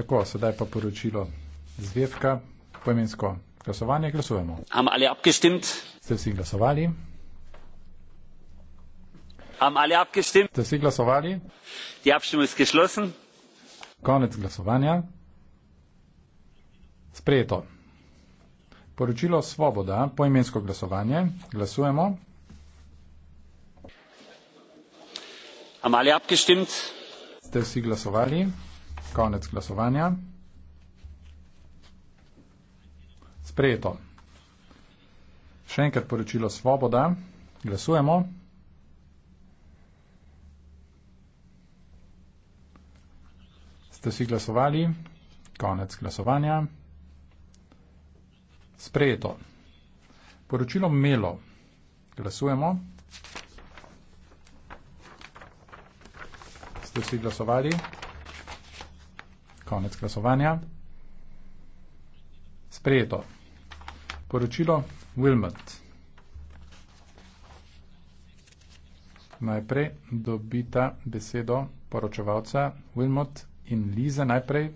Tako, sedaj pa poročilo Zvedka, poimensko glasovanje, glasujemo. Ste vsi glasovali? Ste vsi glasovali? Konec glasovanja. Sprejeto. Poročilo Svoboda, poimensko glasovanje, glasujemo. Ste vsi glasovali? Konec glasovanja. Sprejeto. Še enkrat poročilo Svoboda. Glasujemo. Ste si glasovali? Konec glasovanja. Sprejeto. Poročilo Melo. Glasujemo. Ste si glasovali? Konec glasovanja. Sprejeto. Poročilo Wilmot. Najprej dobita besedo poročevalca Wilmot in Lize. Najprej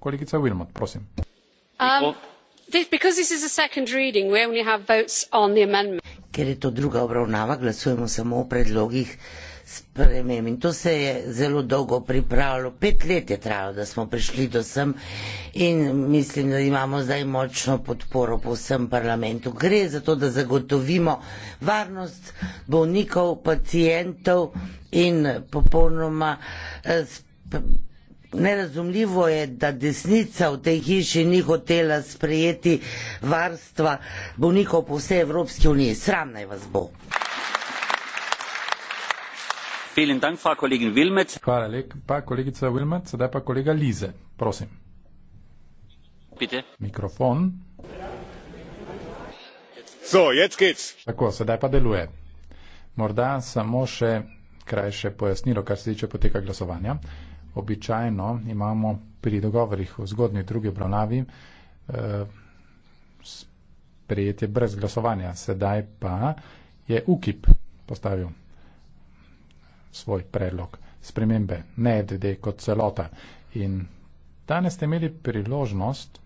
kolegica Wilmot, prosim. Um, this, because this is a second reading, we only have votes on the amendment. Ker je to druga obravnava, glasujemo samo o predlogih. Uh, sprememb. In to se je zelo dolgo pripravljalo, pet let je trajalo, da smo prišli do sem in mislim, da imamo zdaj močno podporo po vsem parlamentu. Gre za to, da zagotovimo varnost bolnikov, pacijentov in popolnoma. Eh, nerazumljivo je, da desnica v tej hiši ni hotela sprejeti varstva bolnikov po vsej Evropski uniji. Sram naj vas bo. Hvala lepa, kolegica Wilmot. Sedaj pa kolega Lize, prosim. Bitte. Mikrofon. So, Tako, sedaj pa deluje. Morda samo še krajše pojasnilo, kar se tiče poteka glasovanja. Običajno imamo pri dogovorih o zgodnji drugi obravnavi eh, prijetje brez glasovanja. Sedaj pa je UKIP postavil svoj predlog spremembe, ne DD kot celota. In danes ste imeli priložnost,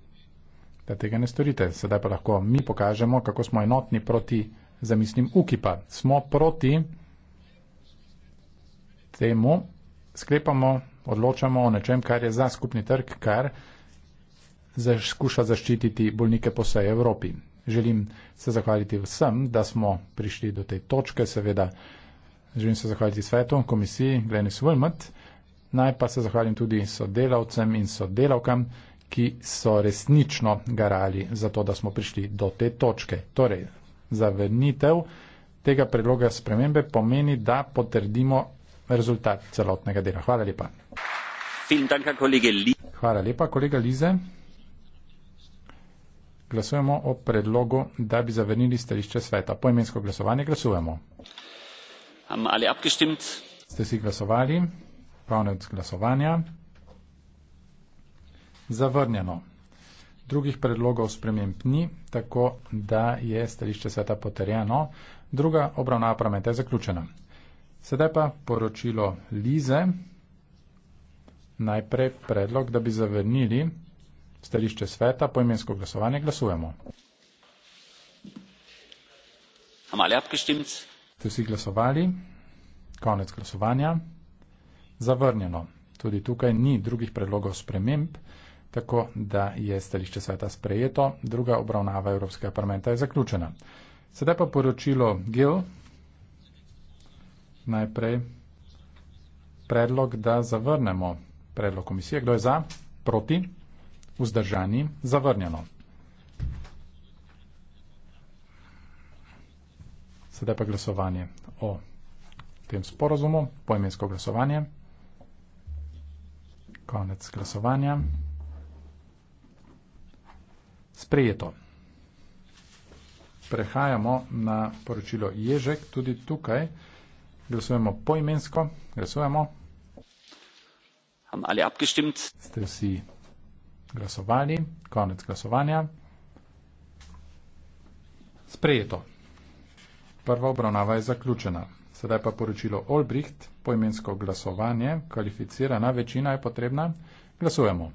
da tega ne storite. Sedaj pa lahko mi pokažemo, kako smo enotni proti, zamislim, UKIP-a. Smo proti temu, sklepamo, odločamo o nečem, kar je za skupni trg, kar skuša zaščititi bolnike po vsej Evropi. Želim se zahvaliti vsem, da smo prišli do te točke, seveda. Želim se zahvaliti svetu, komisiji Glenis Wilmot. Naj pa se zahvalim tudi sodelavcem in sodelavkam, ki so resnično garali za to, da smo prišli do te točke. Torej, zavrnitev tega predloga spremembe pomeni, da potrdimo rezultat celotnega dela. Hvala lepa. Hvala lepa, kolega Lize. Glasujemo o predlogu, da bi zavrnili stališče sveta. Poimensko glasovanje glasujemo haben alle abgestimmt. Ste si glasovali? Konec glasovanja. Zavrnjeno. Drugih predlogov sprememb ni, tako da je stališče sveta potrjeno. Druga obravnava parlamenta je zaključena. Sedaj pa poročilo Lize. Najprej predlog, da bi zavrnili stališče sveta. Po imensko glasovanje glasujemo. Haben alle abgestimmt? Ste vsi glasovali? Konec glasovanja. Zavrnjeno. Tudi tukaj ni drugih predlogov sprememb, tako da je stališče sveta sprejeto, druga obravnava Evropskega parlamenta je zaključena. Sedaj pa poročilo GIL. Najprej predlog, da zavrnemo predlog komisije. Kdo je za? Proti? Vzdržani? Zavrnjeno. Sedaj pa glasovanje o tem sporozumu, poimensko glasovanje. Konec glasovanja. Sprejeto. Prehajamo na poročilo Ježek, tudi tukaj. Glasujemo poimensko, glasujemo. Ste vsi glasovali, konec glasovanja. Sprejeto. Prva obravnava je zaključena. Sedaj pa poročilo Olbricht, poimensko glasovanje, kvalificirana večina je potrebna. Glasujemo.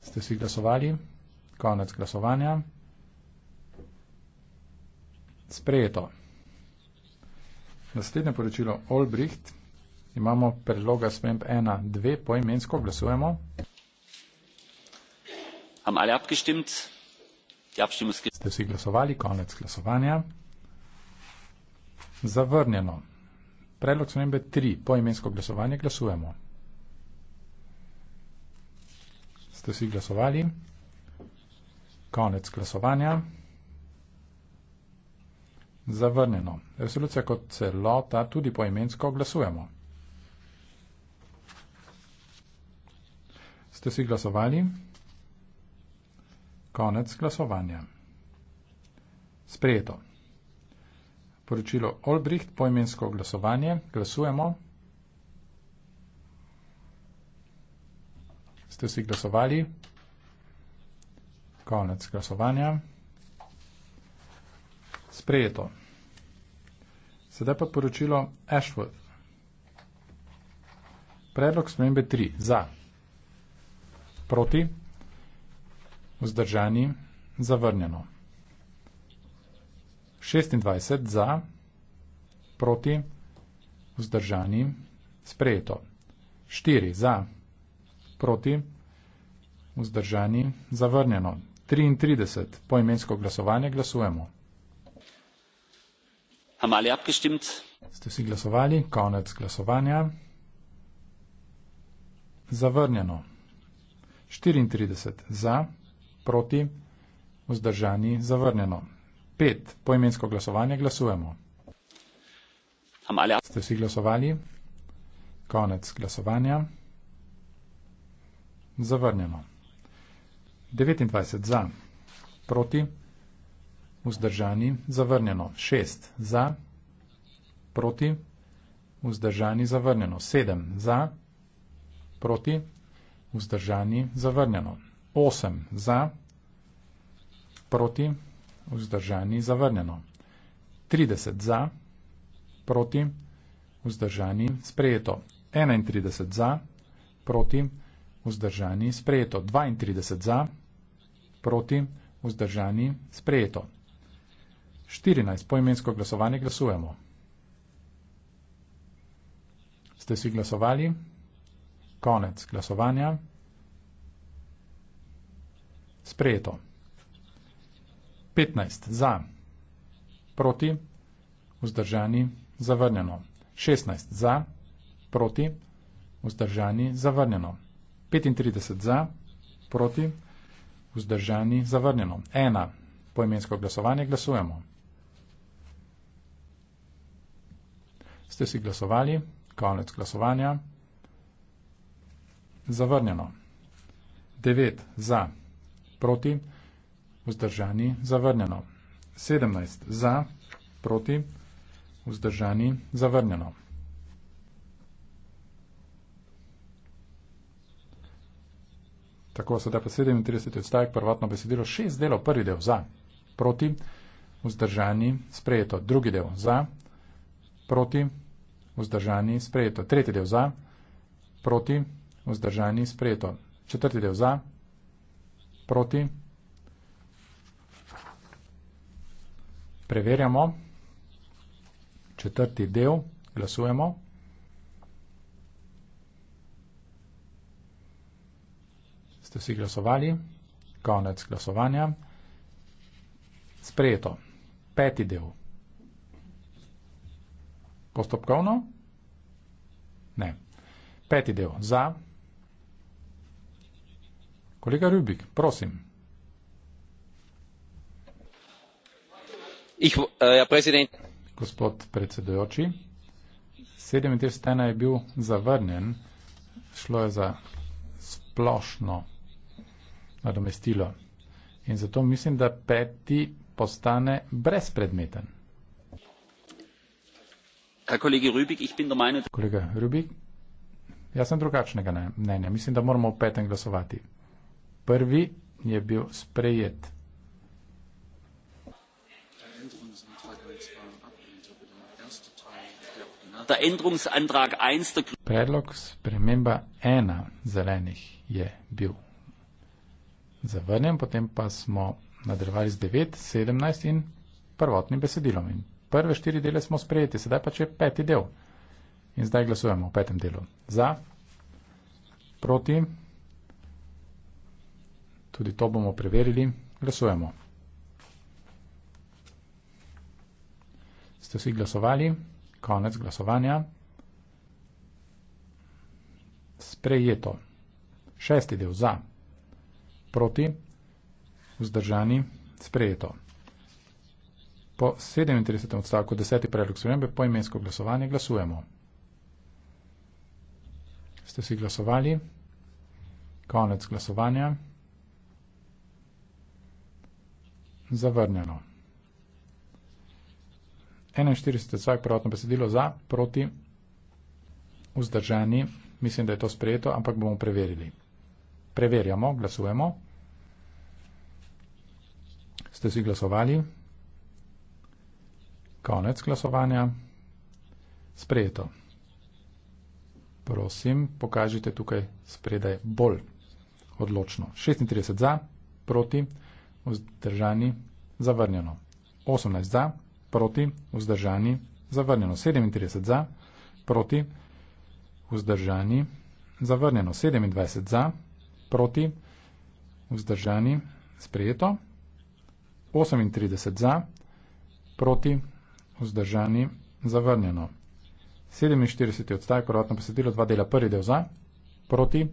Ste vsi glasovali? Konec glasovanja. Sprejeto. Naslednje poročilo Olbricht. Imamo predloga SMEMP 1.2, poimensko glasujemo. Jabšimski. Ste si glasovali, konec glasovanja. Zavrnjeno. Predlog spremembe 3. Poimensko glasovanje glasujemo. Ste si glasovali? Konec glasovanja. Zavrnjeno. Resolucija kot celota tudi poimensko glasujemo. Ste si glasovali? Konec glasovanja. Sprejeto. Poročilo Olbricht, poimensko glasovanje. Glasujemo. Ste vsi glasovali? Konec glasovanja. Sprejeto. Sedaj pa poročilo Ashworth. Predlog spremembe 3. Za. Proti vzdržani, zavrnjeno. Šestindvajset za, proti, vzdržani, sprejeto. Štiri za, proti, vzdržani, zavrnjeno. Triintrideset, po imensko glasovanje glasujemo. Ste vsi glasovali? Konec glasovanja. Zavrnjeno. Štiriintrideset za, proti, vzdržani, zavrnjeno proti, vzdržani, zavrnjeno. Pet, poimensko glasovanje, glasujemo. Ste vsi glasovali? Konec glasovanja. Zavrnjeno. 29 za, proti, vzdržani, zavrnjeno. 6 za, proti, vzdržani, zavrnjeno. 7 za, proti, vzdržani, zavrnjeno. 8 za, proti, vzdržani, zavrnjeno. 30 za, proti, vzdržani, sprejeto. 31 za, proti, vzdržani, sprejeto. 32 za, proti, vzdržani, sprejeto. 14. Poimensko glasovanje glasujemo. Ste si glasovali? Konec glasovanja. Sprejeto. 15. Za. Proti. Vzdržani. Zavrnjeno. 16. Za. Proti. Vzdržani. Zavrnjeno. 35. Za. Proti. Vzdržani. Zavrnjeno. 1. Poimensko glasovanje glasujemo. Ste si glasovali? Konec glasovanja. Zavrnjeno. 9. Za. Proti proti, vzdržani, zavrnjeno. 17. Za, proti, vzdržani, zavrnjeno. Tako sedaj pa 37. odstavek prvotno besedilo 6 delov, prvi del za, proti, vzdržani, sprejeto, drugi del za, proti, vzdržani, sprejeto, tretji del za, proti, vzdržani, sprejeto, četrti del za, proti. Preverjamo. Četrti del. Glasujemo. Ste vsi glasovali? Konec glasovanja. Sprejeto. Peti del. Postopkovno? Ne. Peti del. Za. Kolega Rubik, prosim. Ich, ja, äh, president. Gospod predsedujoči, 37. ena je bil zavrnjen, šlo je za splošno nadomestilo. In zato mislim, da peti postane brezpredmeten. Rübig, meine... Kolega Rubik, jaz sem drugačnega mnenja. Mislim, da moramo v petem glasovati. Prvi je bil sprejet. Predlog sprememba ena zelenih je bil zavrnjen, potem pa smo nadaljevali z 9, 17 in prvotnim besedilom. In prve štiri dele smo sprejeti, sedaj pa če peti del. In zdaj glasujemo v petem delu. Za, proti. Tudi to bomo preverili. Glasujemo. Ste vsi glasovali? Konec glasovanja. Sprejeto. Šesti del za. Proti. Vzdržani. Sprejeto. Po 37. odstavku 10. predlog spremembe po imensko glasovanje glasujemo. Ste si glasovali? Konec glasovanja. zavrnjeno. 41. stavek prvotno besedilo za, proti, vzdržani, mislim, da je to sprejeto, ampak bomo preverili. Preverjamo, glasujemo. Ste si glasovali? Konec glasovanja. Sprejeto. Prosim, pokažite tukaj spredaj bolj odločno. 36 za, proti, vzdržani vzdržani, zavrnjeno. 18 za, proti, vzdržani, zavrnjeno. 37 za, proti, vzdržani, zavrnjeno. 27 za, proti, vzdržani, sprejeto. 38 za, proti, vzdržani, zavrnjeno. 47 odstavek, prvotno besedilo, dva dela, prvi del za, proti,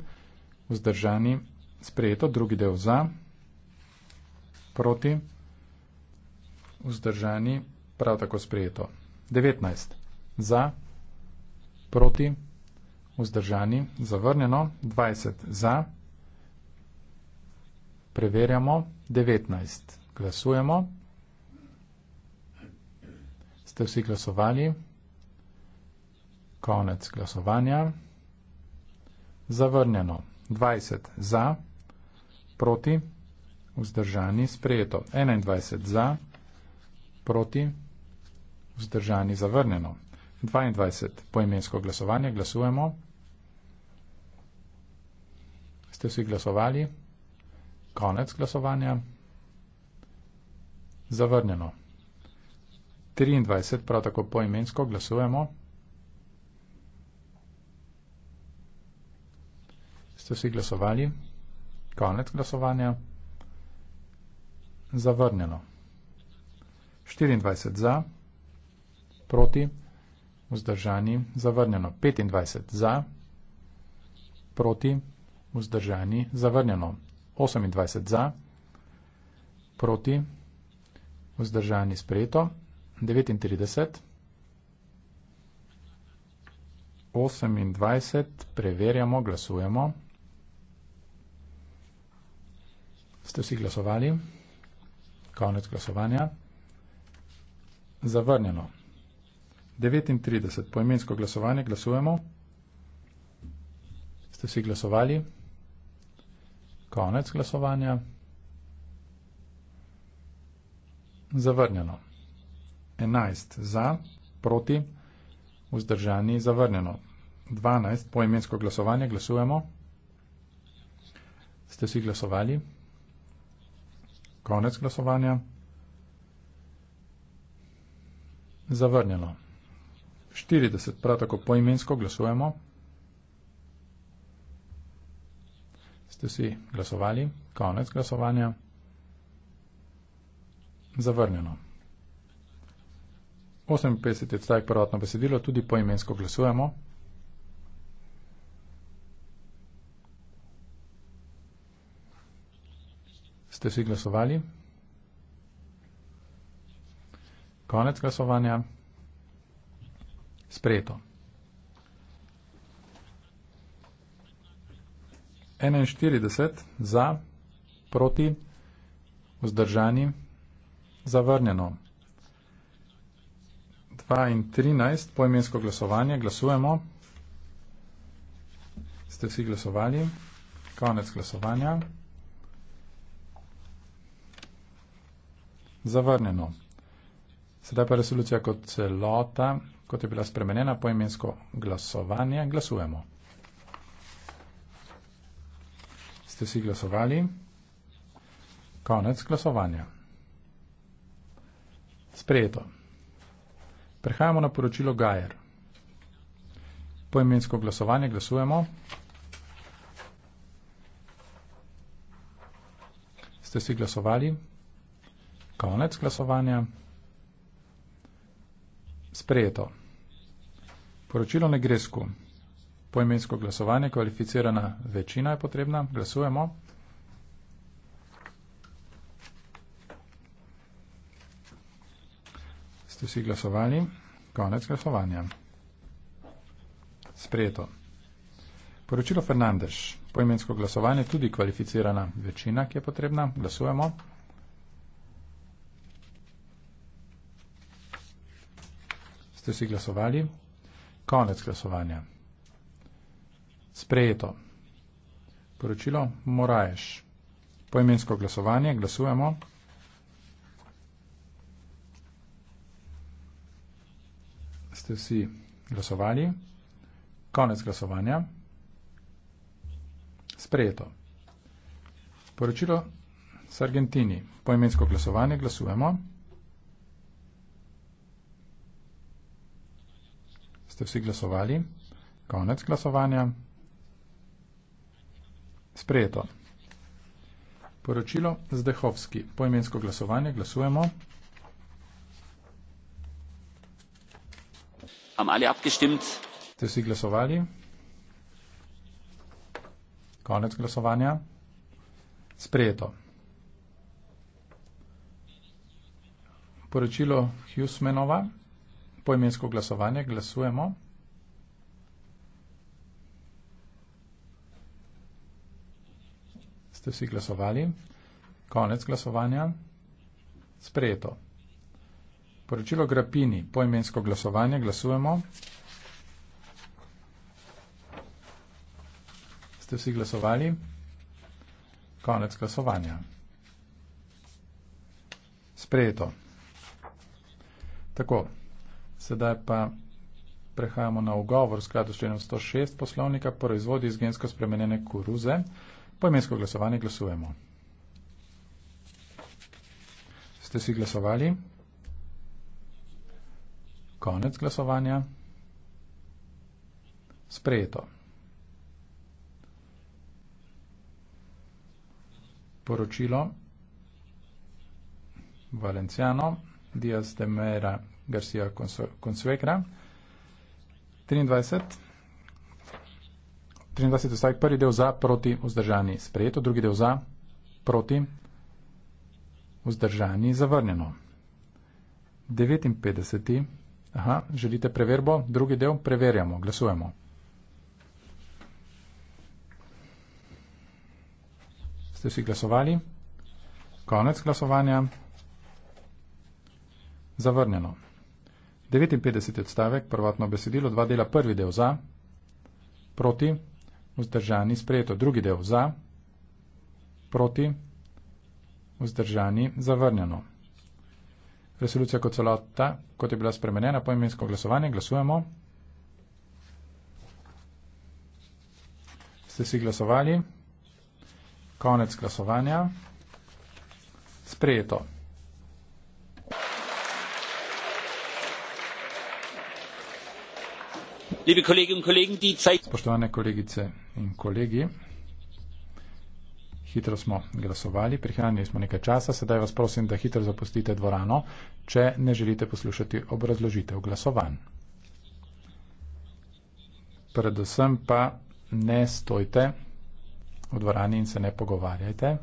vzdržani, sprejeto, drugi del za, proti, proti, vzdržani, prav tako sprejeto. 19. Za, proti, vzdržani, zavrnjeno. 20. Za, preverjamo. 19. Glasujemo. Ste vsi glasovali? Konec glasovanja. Zavrnjeno. 20. Za, proti, vzdržani, vzdržani, sprejeto 21 za, proti, vzdržani, zavrnjeno. 22 poimensko glasovanje, glasujemo. Ste vsi glasovali? Konec glasovanja. Zavrnjeno. 23 prav tako poimensko glasujemo. Ste vsi glasovali? Konec glasovanja zavrnjeno. 24 za, proti, vzdržani, zavrnjeno. 25 za, proti, vzdržani, zavrnjeno. 28 za, proti, vzdržani, sprejeto. 39, 28, preverjamo, glasujemo. Ste vsi glasovali? Konec glasovanja. Zavrnjeno. 39. Poimensko glasovanje. Glasujemo. Ste vsi glasovali? Konec glasovanja. Zavrnjeno. 11. Za, proti, vzdržani, zavrnjeno. 12. Poimensko glasovanje. Glasujemo. Ste vsi glasovali? Konec glasovanja. Zavrnjeno. 40, prav tako poimensko glasujemo. Ste si glasovali? Konec glasovanja. Zavrnjeno. 58 je stavek prvotno besedilo, tudi poimensko glasujemo. ste si glasovali? Konec glasovanja. Sprejeto. 41 za, proti, vzdržani, zavrnjeno. 2 in 13, poimensko glasovanje, glasujemo. Ste vsi glasovali? Konec glasovanja. zavrnjeno. Sedaj pa resolucija kot celota, kot je bila spremenjena poimensko glasovanje, glasujemo. Ste vsi glasovali? Konec glasovanja. Sprejeto. Prehajamo na poročilo Gajer. Poimensko glasovanje glasujemo. Ste si glasovali? Konec glasovanja. Sprejeto. Poročilo ne gre sku. Poimensko glasovanje, kvalificirana večina je potrebna. Glasujemo. Ste vsi glasovali? Konec glasovanja. Sprejeto. Poročilo Fernandež. Poimensko glasovanje, tudi kvalificirana večina, ki je potrebna. Glasujemo. Ste vsi glasovali? Konec glasovanja. Sprejeto. Poročilo Moraješ. Poimensko glasovanje. Glasujemo. Ste vsi glasovali? Konec glasovanja. Sprejeto. Poročilo s Argentini. Poimensko glasovanje. Glasujemo. ste vsi glasovali. Konec glasovanja. Sprejeto. Poročilo Zdehovski. Poimensko glasovanje glasujemo. Ste vsi glasovali? Konec glasovanja. Sprejeto. Poročilo Husmanova poimensko glasovanje, glasujemo. Ste vsi glasovali? Konec glasovanja. Sprejeto. Poročilo Grapini, poimensko glasovanje, glasujemo. Ste vsi glasovali? Konec glasovanja. Sprejeto. Tako, Sedaj pa prehajamo na ugovor v skladu s členom 106 poslovnika proizvodi iz gensko spremenjene koruze. Po imensko glasovanje glasujemo. Ste si glasovali? Konec glasovanja. Sprejeto. Poročilo. Valenciano, Diaz de Mera, Garcia Consuegra. 23. 23. stavek, prvi del za, proti, vzdržani, sprejeto, drugi del za, proti, vzdržani, zavrnjeno. 59. Aha, želite preverbo, drugi del, preverjamo, glasujemo. Ste vsi glasovali? Konec glasovanja. Zavrnjeno. 59. odstavek, prvotno besedilo, dva dela, prvi del za, proti, vzdržani, sprejeto, drugi del za, proti, vzdržani, zavrnjeno. Resolucija kot celota, kot je bila spremenjena po imensko glasovanje, glasujemo. Ste si glasovali? Konec glasovanja. Sprejeto. Spoštovane kolegice in kolegi, hitro smo glasovali, prihranili smo nekaj časa, sedaj vas prosim, da hitro zapustite dvorano, če ne želite poslušati obrazložitev glasovanj. Predvsem pa ne stojte v dvorani in se ne pogovarjajte.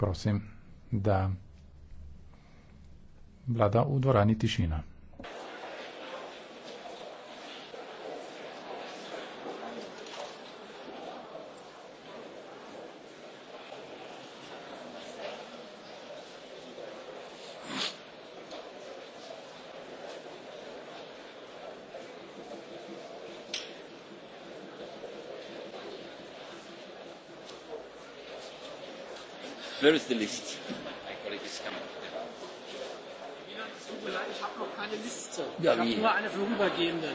Prosim, da vlada v dvorani tišina. Ja, tut mir leid, ich habe noch keine Liste. Ja, ich habe nur eine vorübergehende.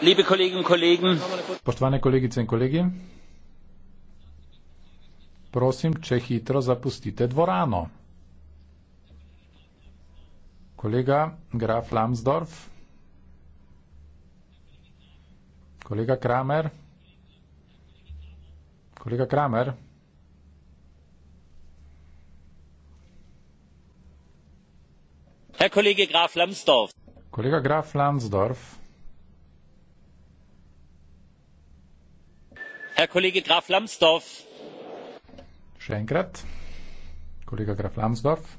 Liebe Kolleginnen und Kollegen, Poštovane kolegice in kolegi, prosim, če hitro zapustite dvorano. Kolega Graf Lambsdorff. Kolega Kramer. Kolega Kramer. Herr Kollege Graf Lambsdorff. Kolega Graf Lambsdorff. Herr Kollege Graf Lambsdorff. Schönkrat. Kollega Graf Lambsdorff.